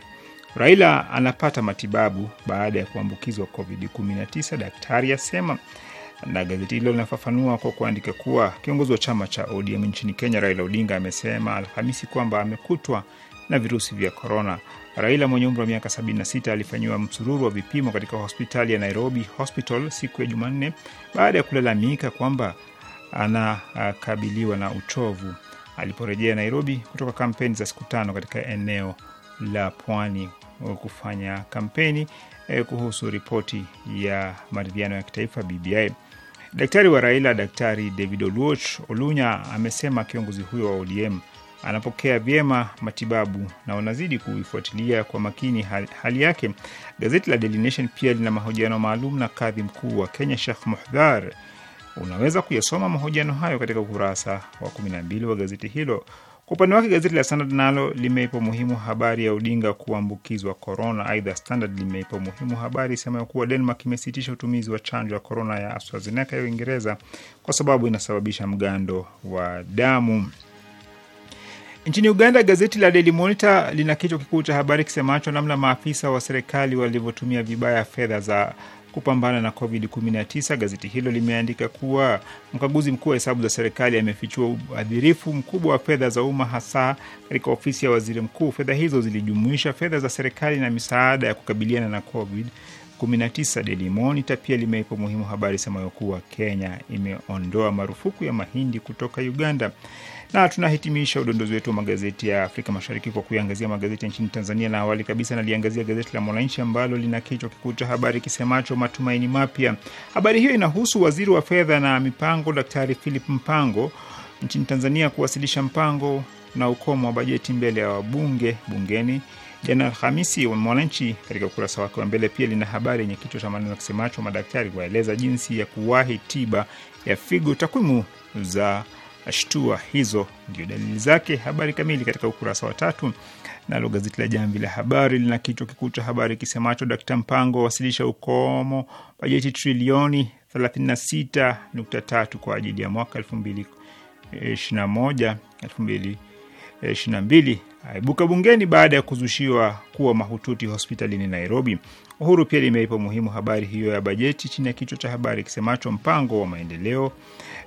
Raila anapata matibabu baada ya kuambukizwa COVID-19, daktari asema. Na gazeti hilo linafafanua kwa kuandika kuwa kiongozi wa chama cha ODM nchini Kenya, Raila Odinga, amesema Alhamisi kwamba amekutwa na virusi vya korona Raila mwenye umri wa miaka 76 alifanyiwa msururu wa vipimo katika hospitali ya Nairobi Hospital siku ya Jumanne baada ya kulalamika kwamba anakabiliwa na uchovu aliporejea Nairobi kutoka kampeni za siku tano katika eneo la pwani kufanya kampeni eh, kuhusu ripoti ya maridhiano ya kitaifa BBI. Daktari wa Raila, Daktari David Oluoch Olunya amesema kiongozi huyo wa ODM anapokea vyema matibabu na wanazidi kuifuatilia kwa makini hali, hali yake. Gazeti la Daily Nation pia lina mahojiano maalum na kadhi mkuu wa Kenya Sheikh Muhdhar. Unaweza kuyasoma mahojiano hayo katika ukurasa wa 12 wa gazeti hilo. Kwa upande wake gazeti la Standard nalo limeipa muhimu habari ya Odinga kuambukizwa korona. Aidha, Standard limeipa umuhimu habari isemayo kuwa Denmark imesitisha utumizi wa chanjo ya korona ya AstraZeneca ya Uingereza kwa sababu inasababisha mgando wa damu. Nchini Uganda, gazeti la Daily Monitor lina kichwa kikuu cha habari kisemacho namna maafisa wa serikali walivyotumia vibaya fedha za kupambana na COVID-19. Gazeti hilo limeandika kuwa mkaguzi mkuu wa hesabu za serikali amefichua ubadhirifu mkubwa wa fedha za umma, hasa katika ofisi ya waziri mkuu. Fedha hizo zilijumuisha fedha za serikali na misaada ya kukabiliana na COVID 19. Daily Monitor pia limeipa muhimu habari semayo kuwa Kenya imeondoa marufuku ya mahindi kutoka Uganda. Na tunahitimisha udondozi wetu wa magazeti ya Afrika Mashariki kwa kuiangazia magazeti ya nchini Tanzania, na awali kabisa naliangazia gazeti la Mwananchi ambalo lina kichwa kikuu cha habari kisemacho matumaini mapya. Habari hiyo inahusu waziri wa fedha na mipango Daktari Philip Mpango nchini Tanzania kuwasilisha mpango na ukomo wa bajeti mbele ya wabunge bungeni jana Alhamisi. Mwananchi katika ukurasa wake wa mbele pia lina habari yenye kichwa cha maneno kisemacho madaktari waeleza jinsi ya kuwahi tiba ya figo, takwimu za ashtua. Hizo ndio dalili zake. Habari kamili katika ukurasa wa tatu. Nalo gazeti la Jamvi la Habari lina kichwa kikuu cha habari kisemacho Dkt Mpango awasilisha ukomo bajeti trilioni 36.3 kwa ajili ya mwaka 2021 2022 aibuka bungeni baada ya kuzushiwa kuwa mahututi hospitalini Nairobi. Uhuru pia limeipa umuhimu habari hiyo ya bajeti chini ya kichwa cha habari kisemacho mpango wa maendeleo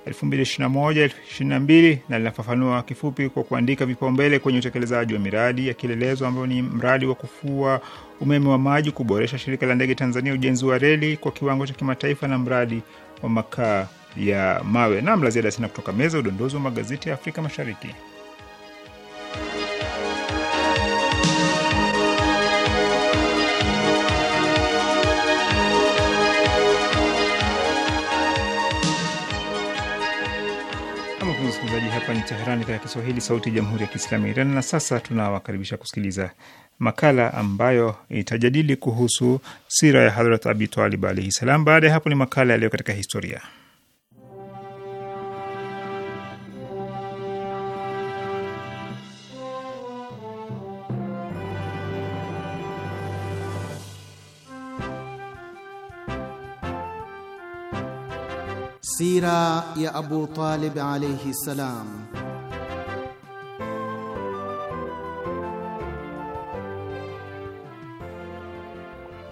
2021 2022 na linafafanua kifupi kwa kuandika vipaumbele kwenye utekelezaji wa miradi ya kielelezo ambayo ni mradi wa kufua umeme wa maji, kuboresha shirika la ndege Tanzania, ujenzi wa reli kwa kiwango cha kimataifa na mradi wa makaa ya mawe. Na mlaziada sina kutoka meza udondozi wa magazeti ya Afrika Mashariki. Hapa ni Teherani, idhaa ya Kiswahili, sauti ya jamhuri ya kiislamu ya Iran. Na sasa tunawakaribisha kusikiliza makala ambayo itajadili kuhusu sira ya Hadrat Abi Talib alaihi salam. Baada ya hapo ni makala yaliyo katika historia سيرة يا أبو طالب عليه السلام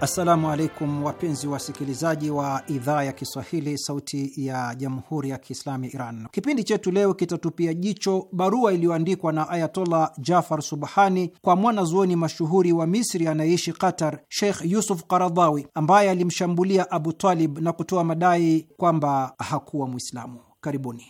Assalamu alaikum wapenzi wasikilizaji wa idhaa ya Kiswahili, sauti ya jamhuri ya kiislamu ya Iran. Kipindi chetu leo kitatupia jicho barua iliyoandikwa na Ayatollah Jafar Subhani kwa mwanazuoni mashuhuri wa Misri anayeishi Qatar, Sheikh Yusuf Qaradhawi, ambaye alimshambulia Abu Talib na kutoa madai kwamba hakuwa Mwislamu. Karibuni.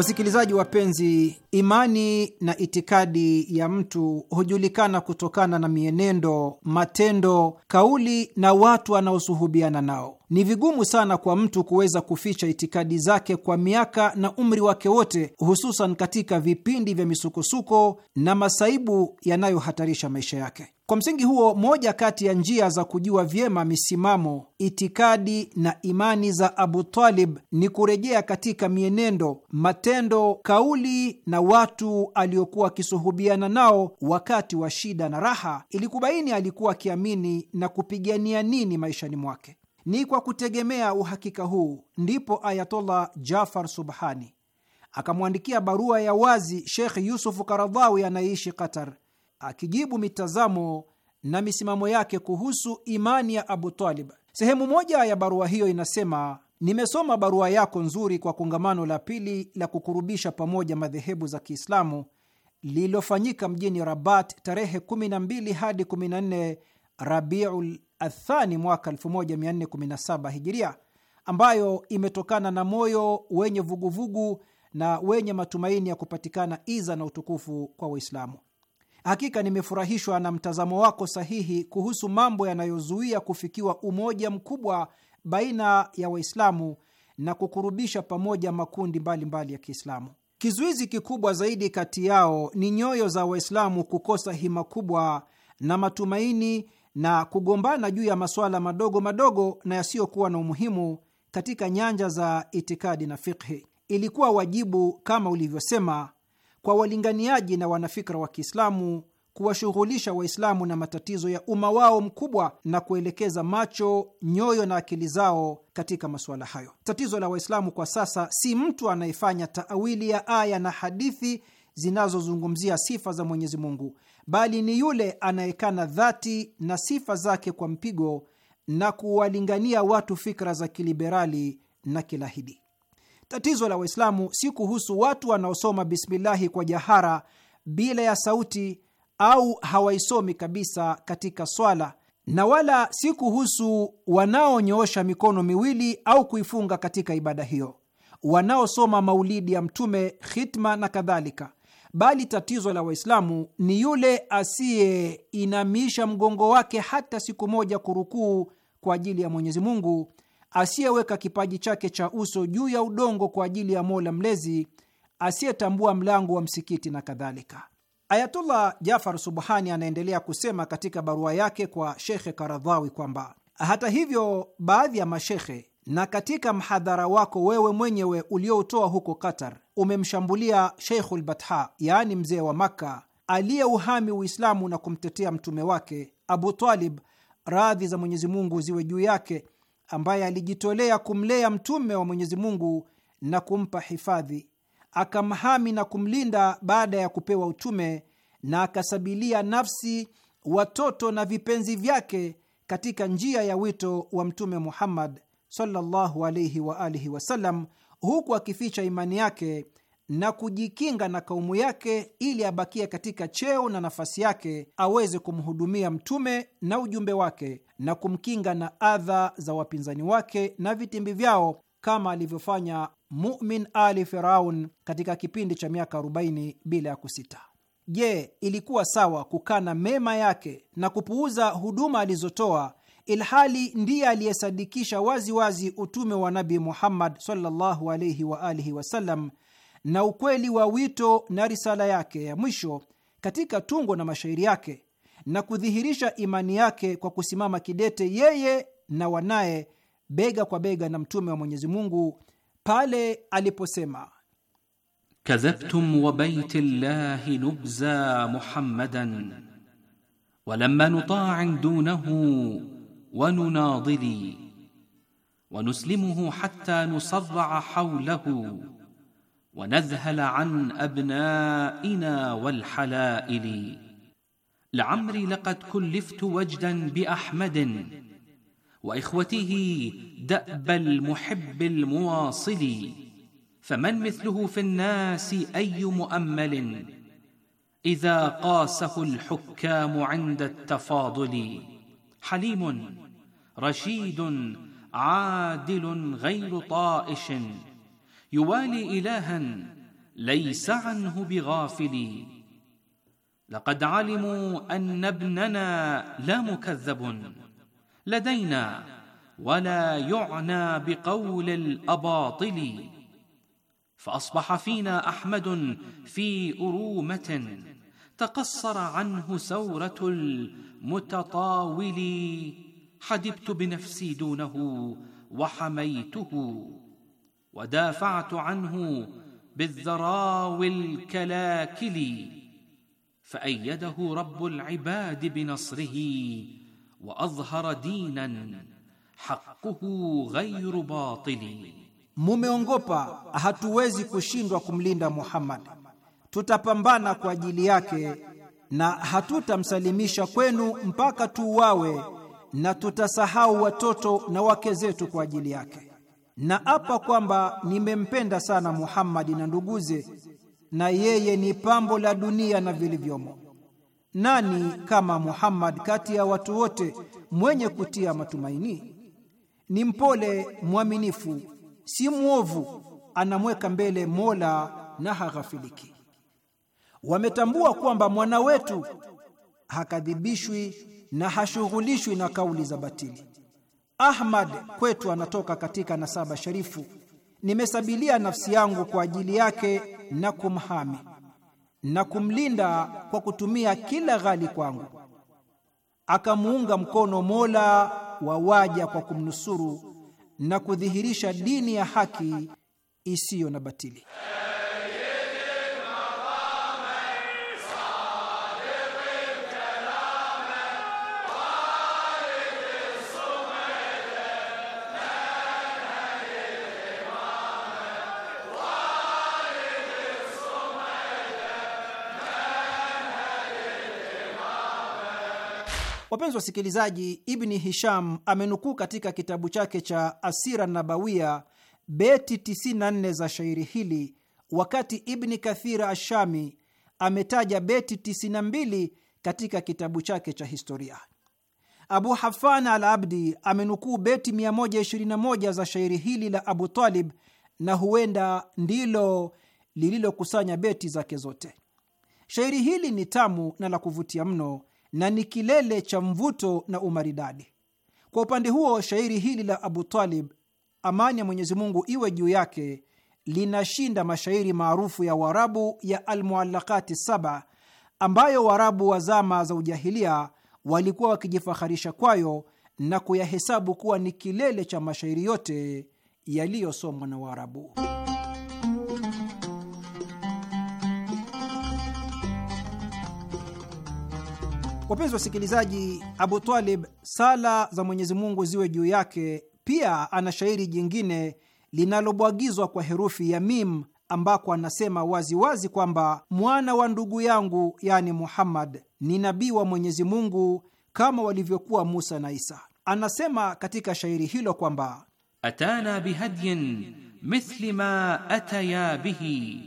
Wasikilizaji wapenzi, imani na itikadi ya mtu hujulikana kutokana na mienendo, matendo, kauli na watu anaosuhubiana nao. Ni vigumu sana kwa mtu kuweza kuficha itikadi zake kwa miaka na umri wake wote, hususan katika vipindi vya misukosuko na masaibu yanayohatarisha maisha yake. Kwa msingi huo, moja kati ya njia za kujua vyema misimamo, itikadi na imani za Abu Talib ni kurejea katika mienendo, matendo, kauli na watu aliokuwa akisuhubiana nao wakati wa shida na raha, ili kubaini alikuwa akiamini na kupigania nini maishani mwake. Ni kwa kutegemea uhakika huu ndipo Ayatollah Jafar Subhani akamwandikia barua ya wazi Sheikh Yusufu Karadhawi anayeishi Qatar, akijibu mitazamo na misimamo yake kuhusu imani ya Abu Talib. Sehemu moja ya barua hiyo inasema: nimesoma barua yako nzuri kwa kongamano la pili la kukurubisha pamoja madhehebu za Kiislamu lililofanyika mjini Rabat tarehe 12 hadi 14 Rabiul Athani mwaka 1417 Hijiria, ambayo imetokana na moyo wenye vuguvugu vugu na wenye matumaini ya kupatikana iza na utukufu kwa Waislamu. Hakika nimefurahishwa na mtazamo wako sahihi kuhusu mambo yanayozuia kufikiwa umoja mkubwa baina ya Waislamu na kukurubisha pamoja makundi mbalimbali mbali ya Kiislamu. Kizuizi kikubwa zaidi kati yao ni nyoyo za Waislamu kukosa hima kubwa na matumaini na kugombana juu ya masuala madogo madogo na yasiyokuwa na umuhimu katika nyanja za itikadi na fikhi. Ilikuwa wajibu, kama ulivyosema, kwa walinganiaji na wanafikra wa Kiislamu kuwashughulisha Waislamu na matatizo ya umma wao mkubwa na kuelekeza macho, nyoyo na akili zao katika masuala hayo. Tatizo la Waislamu kwa sasa si mtu anayefanya taawili ya aya na hadithi zinazozungumzia sifa za Mwenyezi Mungu, bali ni yule anayekana dhati na sifa zake kwa mpigo na kuwalingania watu fikra za kiliberali na kilahidi. Tatizo la Waislamu si kuhusu watu wanaosoma bismillahi kwa jahara bila ya sauti au hawaisomi kabisa katika swala, na wala si kuhusu wanaonyoosha mikono miwili au kuifunga katika ibada hiyo, wanaosoma maulidi ya Mtume, khitma na kadhalika bali tatizo la Waislamu ni yule asiyeinamisha mgongo wake hata siku moja kurukuu kwa ajili ya Mwenyezi Mungu, asiyeweka kipaji chake cha uso juu ya udongo kwa ajili ya Mola Mlezi, asiyetambua mlango wa msikiti na kadhalika. Ayatullah Jafar Subhani anaendelea kusema katika barua yake kwa Shekhe Karadhawi kwamba hata hivyo, baadhi ya mashekhe na katika mhadhara wako wewe mwenyewe ulioutoa huko Qatar umemshambulia Sheikhul Batha, yaani mzee wa Makka aliyeuhami Uislamu na kumtetea mtume wake Abu Talib, radhi za Mwenyezi Mungu ziwe juu yake, ambaye alijitolea kumlea mtume wa Mwenyezi Mungu na kumpa hifadhi, akamhami na kumlinda baada ya kupewa utume, na akasabilia nafsi, watoto na vipenzi vyake katika njia ya wito wa Mtume Muhammad sallallahu alayhi wa alihi wasallam, huku akificha imani yake na kujikinga na kaumu yake ili abakie katika cheo na nafasi yake aweze kumhudumia mtume na ujumbe wake na kumkinga na adha za wapinzani wake na vitimbi vyao kama alivyofanya mumin ali Firaun katika kipindi cha miaka 40 bila ya kusita. Je, ilikuwa sawa kukana mema yake na kupuuza huduma alizotoa ilhali ndiye aliyesadikisha waziwazi utume wa Nabi Muhammad sallallahu alaihi wa alihi wasallam na ukweli wa wito na risala yake ya mwisho katika tungo na mashairi yake na kudhihirisha imani yake kwa kusimama kidete yeye na wanaye bega kwa bega na mtume wa Mwenyezi Mungu pale aliposema: kadhabtum wa baiti llahi nubza muhammadan wa nuta'in dunahu ونناضلي ونسلمه حتى نصرع حوله ونذهل عن أبنائنا والحلائل لعمري لقد كلفت وجدا بأحمد وإخوته دأب المحب المواصل فمن مثله في الناس أي مؤمل إذا قاسه الحكام عند التفاضل حليم رشيد عادل غير طائش يوالي إلها ليس عنه بغافل لقد علموا أن ابننا لا مكذب لدينا ولا يعنى بقول الأباطل فأصبح فينا أحمد في أرومة تقصر عنه سورة متطاولي حدبت بنفسي دونه وحميته ودافعت عنه بالذراوي الكلاكل فأيده رب العباد بنصره وأظهر دينا حقه غير باطل Mumeongopa, hatuwezi kushindwa kumlinda Muhammad, tutapambana kwa ajili yake na hatutamsalimisha kwenu mpaka tuuawe, na tutasahau watoto na wake zetu kwa ajili yake. Na apa kwamba nimempenda sana Muhammadi na nduguze, na yeye ni pambo la dunia na vilivyomo. Nani kama Muhammad kati ya watu wote, mwenye kutia matumaini? Ni mpole mwaminifu, si mwovu, anamweka mbele Mola na haghafiliki wametambua kwamba mwana wetu hakadhibishwi na hashughulishwi na kauli za batili. Ahmad kwetu anatoka katika nasaba sharifu. Nimesabilia nafsi yangu kwa ajili yake na kumhami na kumlinda kwa kutumia kila ghali kwangu. Akamuunga mkono Mola wa waja kwa kumnusuru na kudhihirisha dini ya haki isiyo na batili. Wapenzi wasikilizaji, Ibni Hisham amenukuu katika kitabu chake cha Asira Nabawiya beti 94 za shairi hili, wakati Ibni Kathira Ashami ametaja beti 92 katika kitabu chake cha historia. Abu Hafan al Abdi amenukuu beti 121 za shairi hili la Abu Talib, na huenda ndilo lililokusanya beti zake zote. Shairi hili ni tamu na la kuvutia mno na ni kilele cha mvuto na umaridadi. Kwa upande huo, shairi hili la Abu Talib, amani ya Mwenyezi Mungu iwe juu yake, linashinda mashairi maarufu ya Waarabu ya Almuallakati Saba ambayo Waarabu wa zama za ujahilia walikuwa wakijifaharisha kwayo na kuyahesabu kuwa ni kilele cha mashairi yote yaliyosomwa na Waarabu. Wapenzi wasikilizaji, Abu Talib, sala za Mwenyezi Mungu ziwe juu yake, pia ana shairi jingine linalobwagizwa kwa herufi ya mim ambako anasema waziwazi wazi kwamba mwana wa ndugu yangu yani Muhammad ni nabii wa Mwenyezi Mungu kama walivyokuwa Musa na Isa. Anasema katika shairi hilo kwamba atana bihadyin mithli ma ataya bihi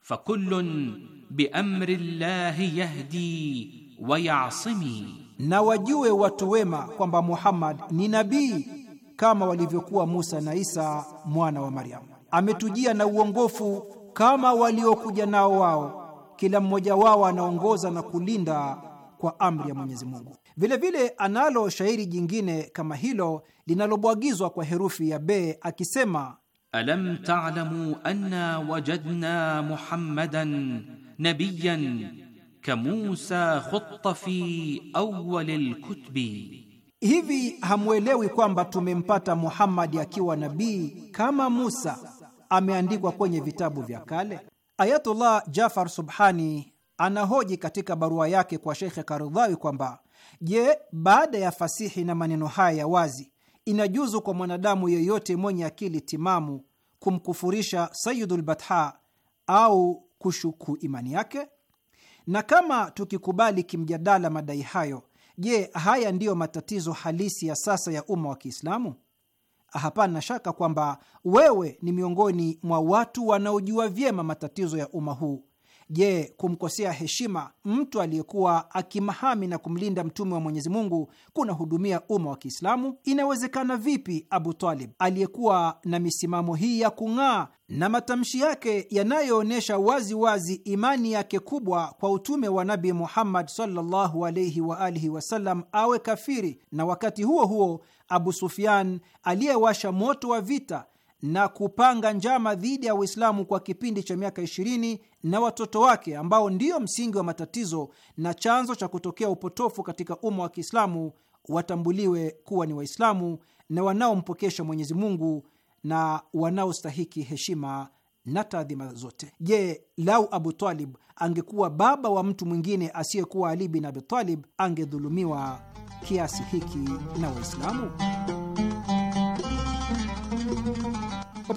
fakullun biamri llahi yahdi wayasimi, na wajue watu wema kwamba Muhammad ni nabii kama walivyokuwa Musa na Isa mwana wa Maryamu. Ametujia na uongofu kama waliokuja nao wao, kila mmoja wao anaongoza na kulinda kwa amri ya Mwenyezi Mungu. Vilevile analo shairi jingine kama hilo linalobwagizwa kwa herufi ya B akisema: alam ta'lamu anna wajadna muhammadan nabiyan kamusa khutta fi awwal alkutbi, hivi hamwelewi kwamba tumempata Muhammadi akiwa nabii kama Musa ameandikwa kwenye vitabu vya kale? Ayatullah Jafar Subhani anahoji katika barua yake kwa Sheikh Karudhawi kwamba je, baada ya fasihi na maneno haya ya wazi inajuzu kwa mwanadamu yeyote mwenye akili timamu kumkufurisha Sayidul Batha au kushuku imani yake? Na kama tukikubali kimjadala madai hayo, je, haya ndiyo matatizo halisi ya sasa ya umma wa Kiislamu? Hapana shaka kwamba wewe ni miongoni mwa watu wanaojua vyema matatizo ya umma huu Je, kumkosea heshima mtu aliyekuwa akimahami na kumlinda mtume wa Mwenyezi Mungu kunahudumia umma wa Kiislamu? Inawezekana vipi Abu Talib aliyekuwa na misimamo hii ya kung'aa na matamshi yake yanayoonyesha wazi wazi imani yake kubwa kwa utume wa Nabi Muhammad sallallahu alaihi wa alihi wasallam awe kafiri, na wakati huo huo Abu Sufyan aliyewasha moto wa vita na kupanga njama dhidi ya Uislamu kwa kipindi cha miaka 20 na watoto wake ambao ndiyo msingi wa matatizo na chanzo cha kutokea upotofu katika umma wa Kiislamu watambuliwe kuwa ni Waislamu na wanaompokesha Mwenyezi Mungu na wanaostahiki heshima na taadhima zote. Je, lau Abu Talib angekuwa baba wa mtu mwingine asiyekuwa Ali bin Abi Talib, angedhulumiwa kiasi hiki na Waislamu?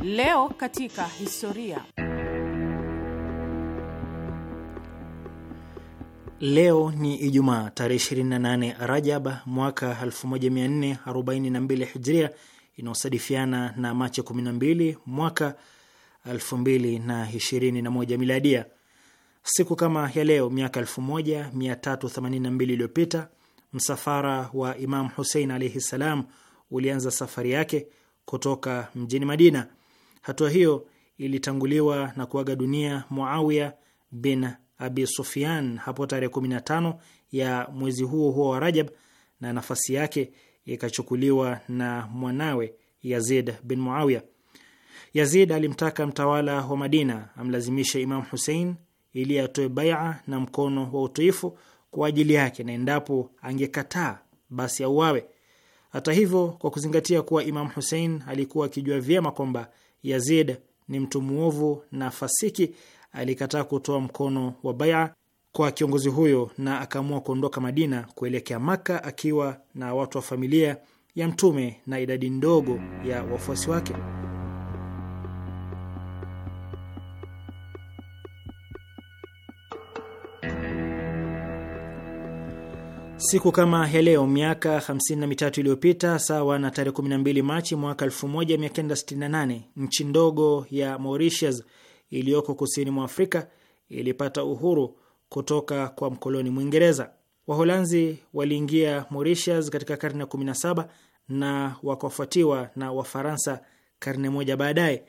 Leo katika historia. Leo ni Ijumaa tarehe 28 Rajab mwaka 1442 Hijria, inayosadifiana na Machi 12 mwaka 2021 Miladia. Siku kama ya leo miaka 1382 iliyopita msafara wa Imam Husein alaihi ssalam ulianza safari yake kutoka mjini Madina Hatua hiyo ilitanguliwa na kuaga dunia Muawiya bin Abi Sufyan hapo tarehe 15 ya mwezi huo huo wa Rajab, na nafasi yake ikachukuliwa na mwanawe Yazid bin Muawiya. Yazid alimtaka mtawala wa Madina amlazimishe Imam Husein ili atoe baia na mkono wa utiifu kwa ajili yake, na endapo angekataa basi auawe. Hata hivyo, kwa kuzingatia kuwa Imam Husein alikuwa akijua vyema kwamba Yazid ni mtu mwovu na fasiki, alikataa kutoa mkono wa baia kwa kiongozi huyo na akaamua kuondoka Madina kuelekea Maka akiwa na watu wa familia ya Mtume na idadi ndogo ya wafuasi wake. Siku kama ya leo miaka 53 iliyopita, sawa na tarehe 12 Machi mwaka 1968, nchi ndogo ya Mauritius iliyoko kusini mwa Afrika ilipata uhuru kutoka kwa mkoloni Mwingereza. Waholanzi waliingia Mauritius katika karne ya 17 na wakafuatiwa na Wafaransa karne moja baadaye.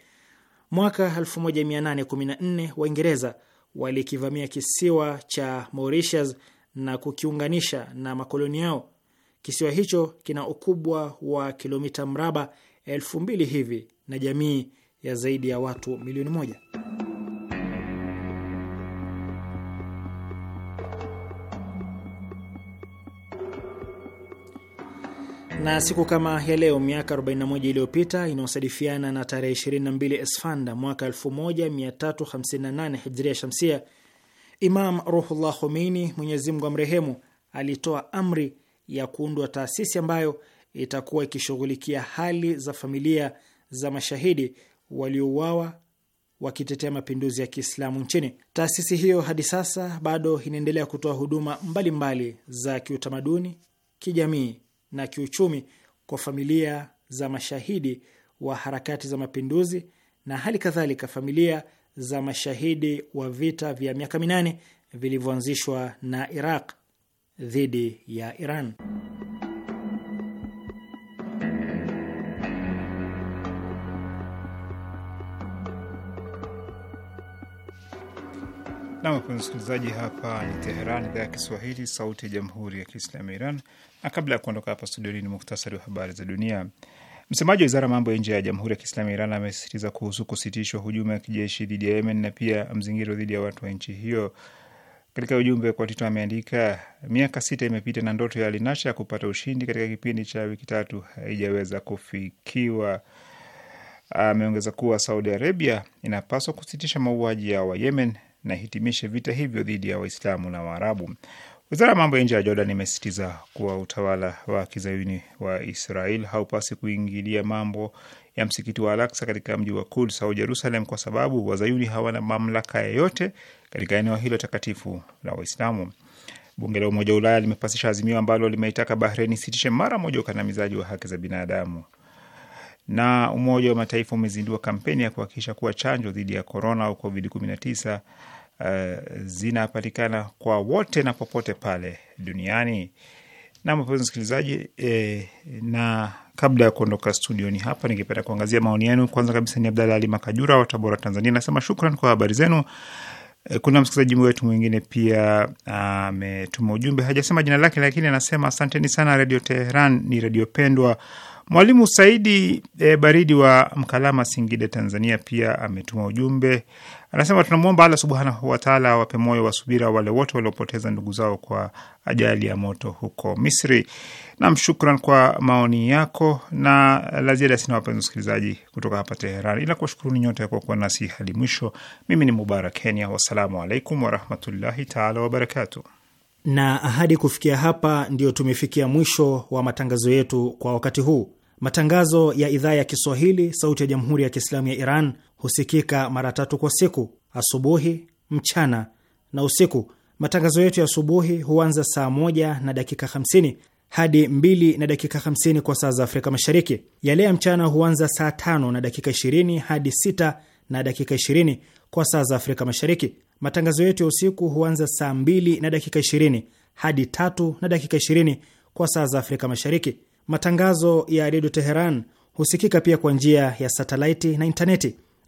Mwaka 1814 Waingereza walikivamia kisiwa cha Mauritius na kukiunganisha na makoloni yao. Kisiwa hicho kina ukubwa wa kilomita mraba elfu mbili hivi na jamii ya zaidi ya watu milioni moja. Na siku kama ya leo miaka 41 iliyopita inayosadifiana na tarehe 22 Esfanda mwaka 1358 Hijria Shamsia Imam Ruhullah Khomeini, Mwenyezi Mungu amrehemu, alitoa amri ya kuundwa taasisi ambayo itakuwa ikishughulikia hali za familia za mashahidi waliouawa wakitetea mapinduzi ya Kiislamu nchini. Taasisi hiyo hadi sasa bado inaendelea kutoa huduma mbalimbali mbali za kiutamaduni, kijamii na kiuchumi kwa familia za mashahidi wa harakati za mapinduzi na hali kadhalika familia za mashahidi wa vita vya miaka minane vilivyoanzishwa na Iraq dhidi ya Iran. Namkuna msikilizaji, hapa ni Teheran, idhaa ya Kiswahili, sauti ya jamhuri ya kiislamu ya Iran. Na kabla ya kuondoka hapa studioni, ni muhtasari wa habari za dunia. Msemaji wa wizara ya mambo ya nje ya Jamhuri ya Kiislamu ya Iran amesisitiza kuhusu kusitishwa hujuma ya kijeshi dhidi ya Yemen na pia mzingiro dhidi ya watu wa nchi hiyo. Katika ujumbe kwa Tito ameandika, miaka sita imepita na ndoto ya Alinasha ya kupata ushindi katika kipindi cha wiki tatu haijaweza kufikiwa. Ameongeza kuwa Saudi Arabia inapaswa kusitisha mauaji ya Wayemen na hitimishe vita hivyo dhidi ya Waislamu na Waarabu. Wizara ya mambo ya nje ya Jordan imesisitiza kuwa utawala wa kizayuni wa Israel haupasi kuingilia mambo ya msikiti wa Alaksa katika mji wa Kuds au Jerusalem kwa sababu wazayuni hawana mamlaka yoyote katika eneo hilo takatifu la Waislamu. Bunge la Umoja wa Ulaya limepasisha azimio ambalo limeitaka Bahrein isitishe mara moja ukandamizaji wa haki za binadamu. Na Umoja wa Mataifa umezindua kampeni ya kuhakikisha kuwa chanjo dhidi ya korona au COVID-19 uh, zinapatikana kwa wote na popote pale duniani. Na mpenzi msikilizaji, eh, na kabla ya kuondoka studioni hapa, ningependa kuangazia maoni yenu. Kwanza kabisa ni Abdalla Ali Makajura wa Tabora, Tanzania, nasema shukran kwa habari zenu. Eh, kuna msikilizaji wetu mwingine pia ametuma ujumbe, hajasema jina lake, lakini anasema asanteni sana Radio Teheran, ni radio pendwa. Mwalimu Saidi e, Baridi wa Mkalama, Singida, Tanzania, pia ametuma ujumbe Anasema tunamwomba Allah subhanahu wataala awape moyo wa subira wale wote waliopoteza ndugu zao kwa ajali ya moto huko Misri. Nam, shukran kwa maoni yako, na la ziada sina, wapenzi wasikilizaji, kutoka hapa Teheran, ila kuwashukuruni nyote kwa kuwa nasi hadi mwisho. Mimi ni Mubarak Kenya, wassalamu alaikum warahmatullahi taala wabarakatu. Na ahadi kufikia hapa, ndiyo tumefikia mwisho wa matangazo yetu kwa wakati huu. Matangazo ya idhaa ya Kiswahili, Sauti ya Jamhuri ya Kiislamu ya Iran husikika mara tatu kwa siku: asubuhi, mchana na usiku. Matangazo yetu ya asubuhi huanza saa moja na dakika 50 hadi 2 na dakika 50 kwa saa za Afrika Mashariki. Yale ya mchana huanza saa tano na dakika 20 hadi 6 na dakika 20 kwa saa za Afrika Mashariki. Matangazo yetu ya usiku huanza saa 2 na dakika 20 hadi tatu na dakika 20 kwa saa za Afrika Mashariki. Matangazo ya Redio Teheran husikika pia kwa njia ya satelaiti na intaneti.